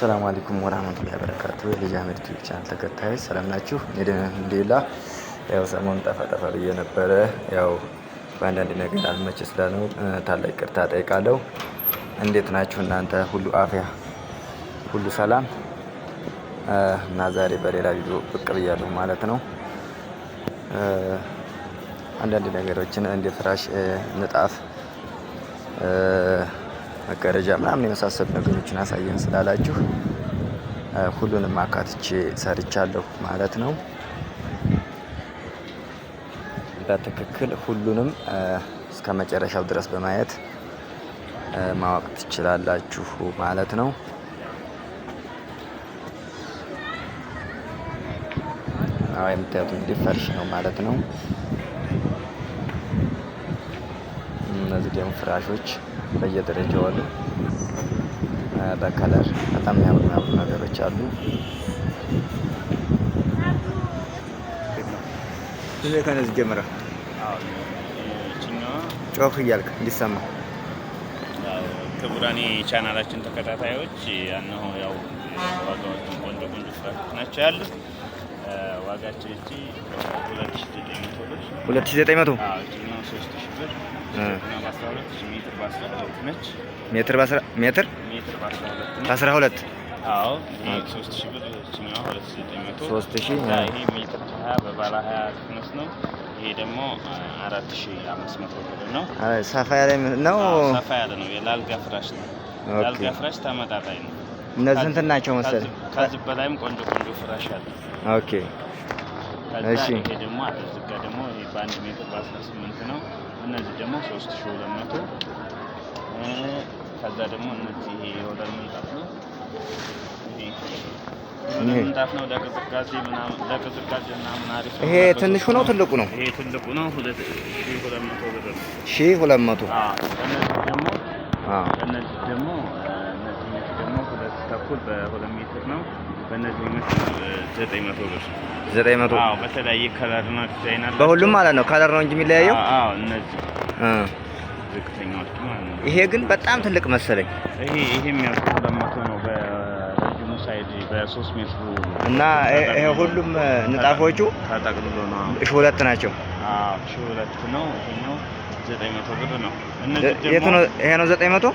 ሰላም አለይኩም ወራህመቱላሂ ወበረካቱ። የልጅ አህመድ ዩቲዩብ ቻናል ተከታዮች ሰላም ናችሁ? አልሐምዱሊላህ። ያው ሰሞኑን ጠፋ ጠፋ ብዬ ነበረ። ያው በአንዳንድ ነገር አልመቼ ስላለው ታላቅ ቅርታ ጠይቃለሁ። እንዴት ናችሁ እናንተ? ሁሉ አፍያ፣ ሁሉ ሰላም እና ዛሬ በሌላ ቪዲዮ ብቅ ብያለሁ ማለት ነው። አንዳንድ ነገሮችን እንደ ፍራሽ ንጣፍ መጋረጃ ምናምን የመሳሰሉ ነገሮችን አሳየን ስላላችሁ ሁሉንም አካትቼ ሰርቻለሁ ማለት ነው። በትክክል ሁሉንም እስከ መጨረሻው ድረስ በማየት ማወቅ ትችላላችሁ ማለት ነው። የምታዩት እንግዲህ ፈርሽ ነው ማለት ነው። እነዚህ ደግሞ ፍራሾች በየደረጃው አሉ። በከለር በጣም የሚያምሩ የሚያምሩ ነገሮች አሉ። ከነዚህ ጀምረ ጮክ እያልክ እንዲሰማ ክቡራኔ ቻናላችን ተከታታዮች ያነሆ ያው ዋጋዎችን ቆንጆ ቆንጆ ፍራፍሬዎች ናቸው ያሉት። ዋጋቸው እቺ ሁለት ሺህ ዘጠኝ መቶ ብር ሁለት ሺህ ዘጠኝ መቶ ሶስት ሺ ብር ሜትር ሜትር አስራ ሁለት ሶስት ሜትር ሀያ ይሄ ደግሞ አራት ሺ አምስት መቶ ብር ነው። ሰፋ ያለ ነው። ሰፋ ያለ ነው። የላልጋ ፍራሽ ነው። ፍራሽ ተመጣጣኝ ነው። እነዚህ እንትን ናቸው መሰለኝ። ከዚህ በላይም ቆንጆ ቆንጆ ፍራሽ አለ። ኦኬ እሺ። ይሄ ደግሞ ደግሞ ይሄ በአንድ ሜትር በአስራ ስምንት ነው። እነዚህ ደግሞ 3200 ከዛ ደግሞ እነዚህ የወለል ምንጣፍ ነው። ይሄ ምንጣፍ ነው ለቅዝቃዜ ምናምን ለቅዝቃዜ ምናምን አሪፍ ነው። ይሄ ትንሹ ነው ትልቁ ነው? ይሄ ትልቁ ነው። ብር ነው። እነዚህ ደግሞ እነዚህ ደግሞ እነዚህ ደግሞ ሁለት ተኩል በሁለት ሜትር ነው በእነዚህ ዘጠኝ መቶ ብር አዎ። በተለያየ ከለር ነው ዲዛይን አለ። በሁሉም ማለት ነው ከለር ነው እንጂ የሚለያየው። አዎ እነዚህ ዝቅተኛዎቹ ማለት ነው። ይሄ ግን በጣም ትልቅ መሰለኝ። ይሄ ሁለት መቶ ነው በረጅሙ ሳይድ በሶስት ሜትሩ እና ይሄ ሁሉም ንጣፎቹ ተጠቅልሎ ነው። ሁለት ናቸው። ሁለት ነው። ይሄኛው ዘጠኝ መቶ ብር ነው። ይሄ ነው ዘጠኝ መቶ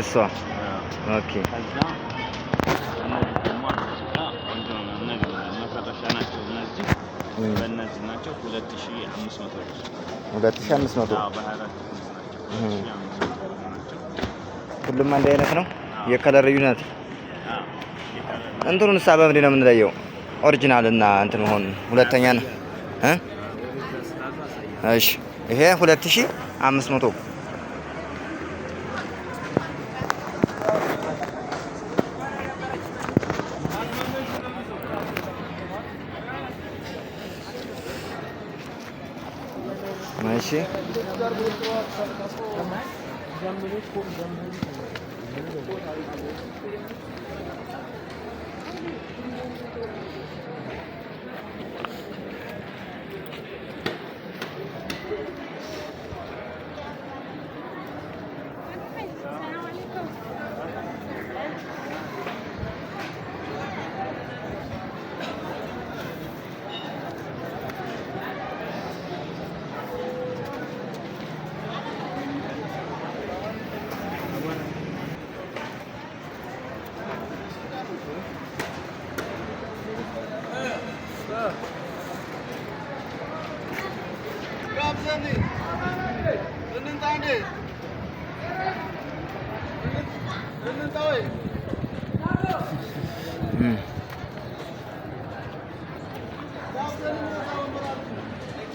እሷ ኦኬ ልጅ ናቸው። ሁለት ሺህ አምስት መቶ ሁለት ሺህ አምስት መቶ ሁሉም አንድ አይነት ነው። የከለር ልዩነት እንትኑን ሳ በምንድን ነው የምንለየው? ኦሪጂናል እና እንትን መሆን ሁለተኛ ነው። እሺ ይሄ ሁለት ሺህ አምስት መቶ মাইশে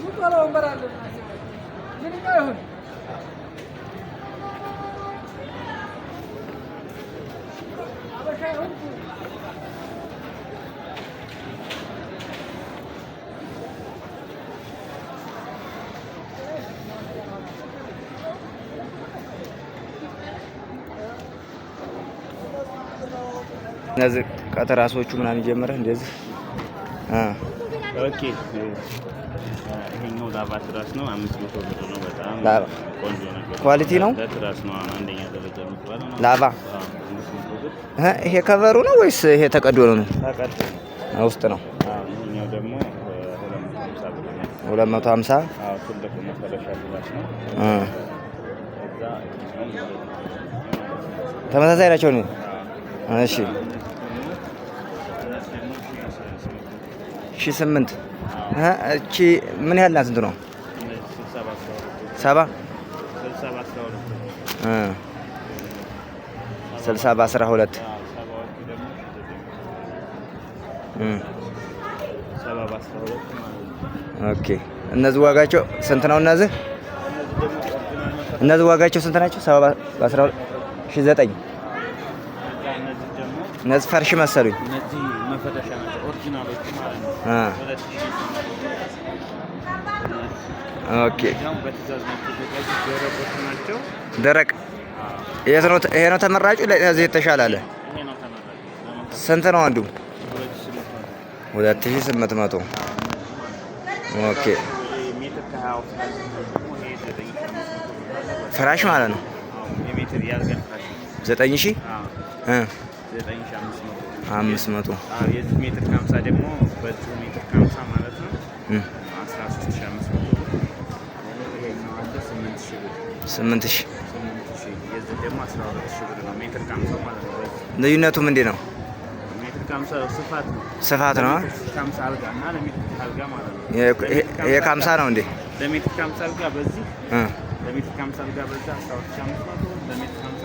ቁጠላ እነዚህ ቀተራሶቹ ምናምን ጀምረህ እንደዚህ ኦኬ ይሄኛው ላባ ትራስ ነው። አምስት መቶ ብር ነው። በጣም ቆንጆ ነገር ኳሊቲ ነው። ትራስ ነው አንደኛ ደረጃ የሚባለው ላባ። ይሄ ከቨሩ ነው ወይስ ይሄ ተቀዶ ነው? ውስጥ ነው። ይሄኛው ደግሞ ሁለት መቶ ሀምሳ ትልቁ መፈረሻ ትራስ ነው። ተመሳሳይ ናቸው እሺ ሺህ ስምንት እቺ ምን ያህል ናት? እንትኗ ሰባ ስልሳ በአስራ ሁለት ኦኬ። እነዚህ ዋጋቸው ስንት ነው? እነዚህ እነዚህ ዋጋቸው ስንት ናቸው? ሰባ በአስራ ሁለት ሺህ ዘጠኝ እነዚህ ፈርሽ መሰሉኝ። ደረቅ ይሄ ነው ተመራጩ። ለዚህ የተሻለ አለ። ስንት ነው አንዱ? ሁለት ሺህ ስምንት መቶ ኦኬ ፍራሽ ማለት ነው። ዘጠኝ ሺህ አምስት መቶ ሜትር ከሀምሳ ደግሞ በዚሁ ሜትር ከሀምሳ ማለት ነው አስራ አምስት መቶ ስምንት ልዩነቱ ምንድን ነው? ስፋት ነው። ይሄ ከሀምሳ ነው እንዴ? ለሜትር ከሀምሳ አልጋ በዚህ ለሜትር ከሀምሳ አልጋ በዛ አስራ ሁለት አምስት መቶ ለሜትር ከሀምሳ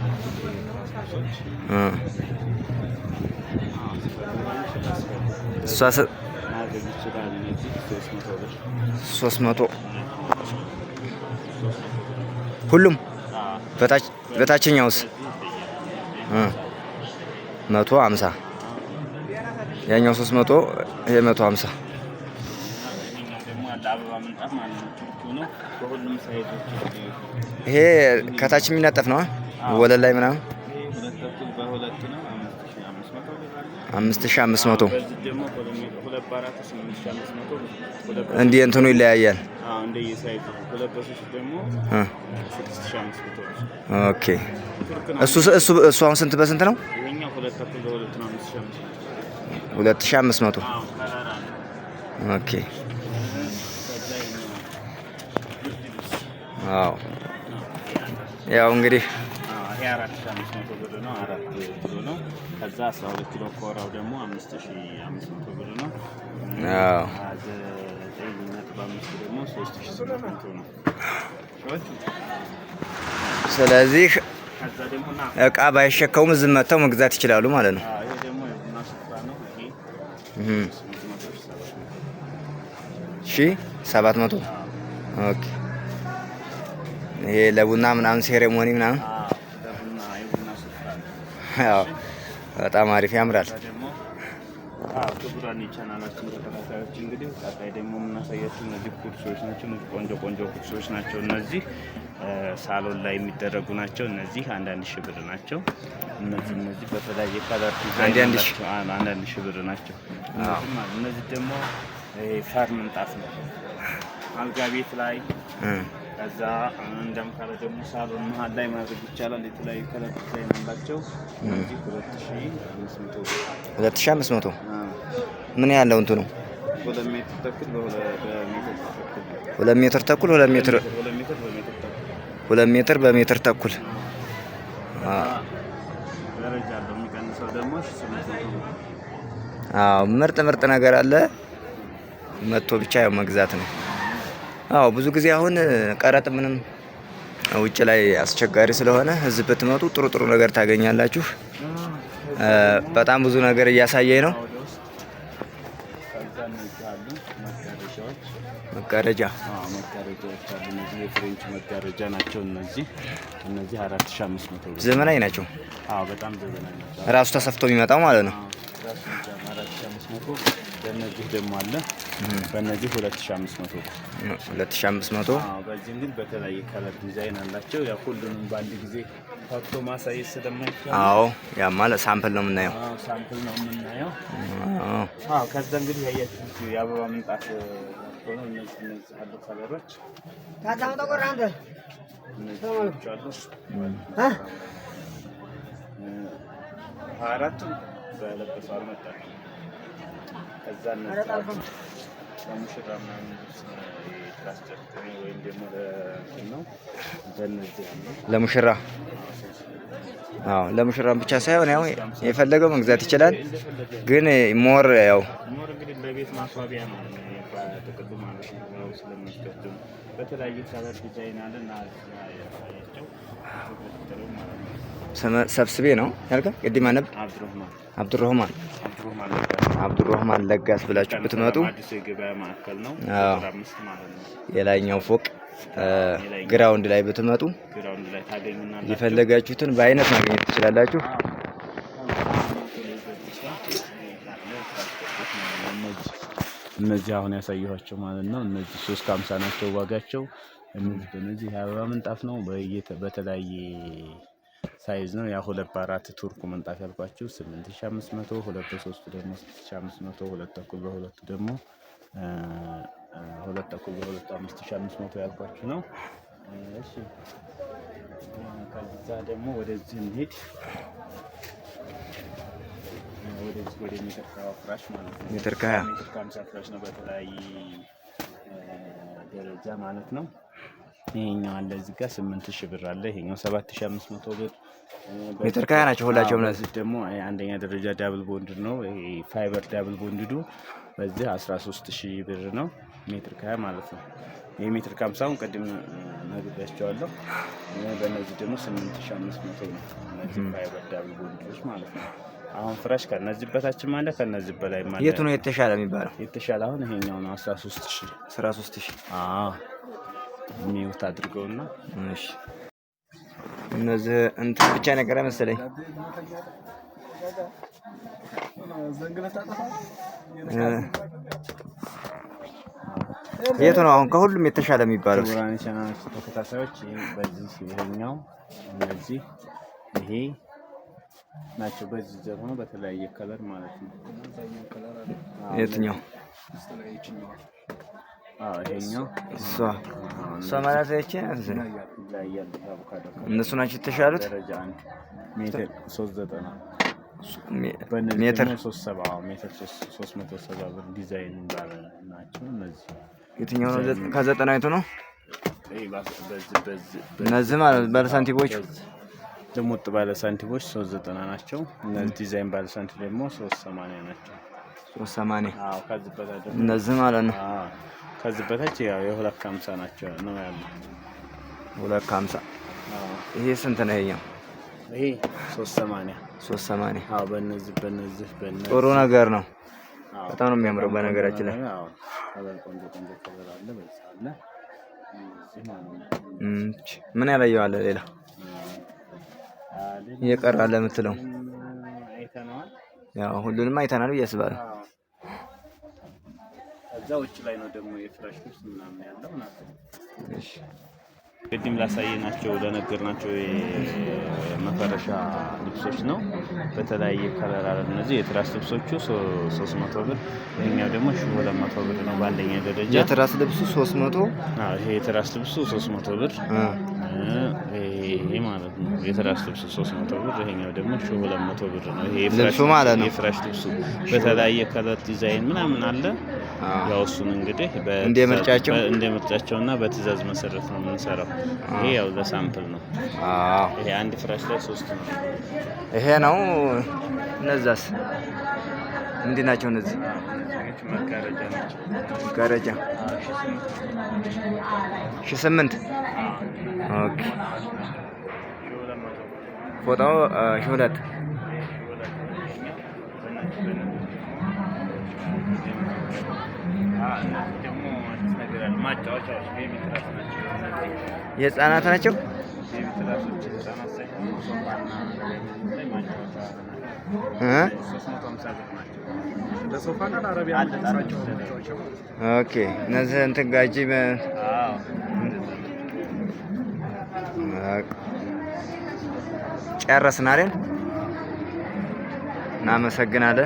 ሶስት መቶ ሁሉም በታችኛውስ መቶ ያኛው ሶስት መቶ ይሄ መቶ ይሄ ከታች የሚነጠፍ ነው ወለል ላይ ምናምን አምስት ሺህ አምስት መቶ እንዲህ እንትኑ ይለያያል። ኦኬ እሱ እሱ እሱ አሁን ስንት በስንት ነው? ሁለት ሺህ አምስት መቶ ኦኬ። አዎ ያው እንግዲህ ይሄ አራት ሺህ አምስት መቶ ብር ነው። አራት ነው። ከዛ አስራ ሁለት ኪሎ ኮራው ደግሞ አምስት ሺህ አምስት መቶ ብር ነው። ዘጠኝ ነጥብ አምስት ደግሞ ሶስት ሺህ ስምንት መቶ ነው። ስለዚህ እቃ ባይሸከውም እዚህ መጥተው መግዛት ይችላሉ ማለት ነው። ሺ ሰባት መቶ ይሄ ለቡና ምናምን ሴሬሞኒ ምናምን በጣም አሪፍ ያምራል። ክቡራን የቻናላችን ተከታታዮች እንግዲህ ቀጣይ ደግሞ የምናሳያቸው እነዚህ ኩርሶች ናቸው። ቆንጆ ቆንጆ ኩርሶች ናቸው። እነዚህ ሳሎን ላይ የሚደረጉ ናቸው። እነዚህ አንዳንድ ሺህ ብር ናቸው። እነዚህ እነዚህ በተለያየ ከለር አንዳንድ ሺህ ብር ናቸው። እነዚህ ደግሞ ፈር ምንጣፍ ነው አልጋ ቤት ላይ ከዛ እንደምካለ ደግሞ ሳሎን መሀል ላይ ማድረግ ይቻላል። የተለያዩ ከለቶች ላይ ናላቸው ሁለት ሺህ አምስት መቶ ምን ያለው እንትኑ ሁለት ሜትር ተኩል ሁለት ሜትር ሁለት ሜትር በሜትር ተኩል ምርጥ ምርጥ ነገር አለ። መቶ ብቻ ያው መግዛት ነው። አዎ ብዙ ጊዜ አሁን ቀረጥ ምንም ውጭ ላይ አስቸጋሪ ስለሆነ እዚህ ብትመጡ ጥሩ ጥሩ ነገር ታገኛላችሁ። በጣም ብዙ ነገር እያሳየኝ ነው። መጋረጃ መጋረጃዎች የፍሬንች መጋረጃ ናቸው። እነዚህ እነዚህ ዘመናዊ ናቸው። በጣም ዘመናዊ ናቸው። ራሱ ተሰፍቶ የሚመጣው ማለት ነው። በእነዚህ ደግሞ አለ። በእነዚህ 2500 2500። በዚህ እንግዲህ በተለያየ ከለር ዲዛይን አላቸው። ያ ሁሉንም በአንድ ጊዜ ፋቶ ማሳየት ስለማይቻል፣ አዎ፣ ያ ማለት ሳምፕል ነው የምናየው። አዎ፣ ሳምፕል ነው የምናየው። አዎ፣ ከዛ እንግዲህ ያያችሁ የአበባ ምንጣፍ ሆኖ እነዚህ እነዚህ አሉ ከለሮች ታታምጣ ቆራንደ እነዚህ አሉ አራቱም በለበሰው አልመጣም ከዛ ለሙሽራ ምናምን ወይም ደግሞ ለሙሽራ አዎ ለሙሽራም ብቻ ሳይሆን ያው የፈለገው መግዛት ይችላል። ግን ሞር ያው ሞር እንግዲህ ለቤት ማስዋቢያ ነው ከለር ዲዛይን አለ እና ሰብስቤ ነው ያልከ ቅድም አነብ አብዱረህማን አብዱራህማን ለጋስ ብላችሁ ብትመጡ የላይኛው ፎቅ ግራውንድ ላይ ብትመጡ የፈለጋችሁትን በአይነት ማግኘት ትችላላችሁ። እነዚህ አሁን ያሳየኋቸው ማለት ነው። እነዚህ ሶስት ከሀምሳ ናቸው ዋጋቸው። እነዚህ በነዚህ የአበባ ምንጣፍ ነው በተለያየ ሳይዝ ነው። ያ ሁለት በአራት ቱርኩ ምንጣፍ ያልኳችሁ 8500፣ ሁለት በሶስቱ ደግሞ 6500፣ ሁለት ተኩል በሁለቱ ደግሞ ሁለት ተኩል በሁለቱ 5500 ያልኳችሁ ነው። እሺ ከዛ ደግሞ ወደዚህ እንሂድ። ወደዚህ ወደ ሜትር ከሀያ ፍራሽ ማለት ነው። ሜትር ከሀምሳ ፍራሽ ነው በተለያየ ደረጃ ማለት ነው። ይሄኛው አለ እዚህ ጋር 8000 ብር አለ። ይሄኛው መቶ ብር ሜትር ናቸው ሁላቸው ደግሞ አንደኛ ደረጃ ዳብል ቦንድ ነው። ፋይበር ዳብል ቦንድዱ በዚህ 13 ሺህ ብር ነው ሜትር ከሀያ ማለት ነው። ይህ ሜትር ከ50 ከሀምሳውን ቅድም ነግሬያቸዋለሁ። በእነዚህ ደግሞ 8500 ነው። እነዚህ ፋይበር ዳብል ቦንዶች ማለት ነው። አሁን ፍራሽ ከነዚህ በታችም አለ ከነዚህ በላይ ማለት የቱ ነው የተሻለ የሚባለው? የተሻለ አሁን ይሄኛው ነው 13 ሺህ 13 ሺህ ሚውት አድርገውና እሺ እነዚህ እንትን ብቻ ነገር መሰለኝ የት ነው አሁን ከሁሉም የተሻለ የሚባለው? ተከታታዮች በዚህ ይሄኛው እነዚህ ይሄ ናቸው። በዚህ ደግሞ በተለያየ ከለር ማለት ነው። የትኛው እሷ ማለት ይቺ እነሱ ናቸው የተሻሉት። ሜትር የትኛው ከዘጠና አይቱ ነው? እነዚህ ማለት ባለሳንቲሞቹ ልሙጥ ባለሳንቲሞች ሶስት ዘጠና ናቸው። እነዚህ ዲዛይን ባለሳንቲም ደግሞ ሶስት ሰማንያ ናቸው። ሶስት ሰማንያ እነዚህ ማለት ነው። ከዚህ በታች ያው የሁለት ከሀምሳ ናቸው ነው ያለ። ሁለት ከሀምሳ ይሄ ስንት ነው? ይሄኛው ይሄ ሶስት ሰማንያ ሶስት ሰማንያ አዎ። በእነዚህ በእነዚህ በእነዚህ ጥሩ ነገር ነው። በጣም ነው የሚያምረው። በነገራችን ላይ ምን ያላየው አለ ሌላ እየቀራለ የምትለው ያው ሁሉንም አይተናል ብዬ አስባለሁ። ከዛ ውጭ ላይ ነው ደግሞ የፍራሽ ልብስ ምናምን ያለው ናት። ቅድም ላሳየናቸው ለነገርናቸው የመፈረሻ ልብሶች ነው። በተለያየ ከለር አለ። እነዚህ የትራስ ልብሶቹ ሶስት መቶ ብር ይሄኛው ደግሞ ሺ ሁለት መቶ ብር ነው። በአንደኛ ደረጃ የትራስ ልብሱ ሶስት መቶ ይሄ የትራስ ልብሱ ሶስት መቶ ብር ይሄ ማለት ነው። የትራስ ልብስ ሶስት መቶ ብር ይሄኛው ደግሞ ሺ ሁለት መቶ ብር ነው። ይሄ ልብሱ ማለት ነው። የፍራሽ ልብሱ በተለያየ ከለር ዲዛይን ምናምን አለ። ያው እሱን እንግዲህ እንደ ምርጫቸው እንደ ምርጫቸውና በትእዛዝ መሰረት ነው የምንሰራው። ይሄ ያው ለሳምፕል ነው። አዎ ይሄ አንድ ፍራሽ ላይ ሶስት ነው። ይሄ ነው። እነዛስ ምንድን ናቸው እነዚህ? መጋረጃ ሺህ ስምንት ኦኬ ፎጣው ሺህ ሁለት የህፃናት ናቸው። ኦኬ እነዚህ እንትን ጋጂ ጨረስን አይደል? እናመሰግናለን።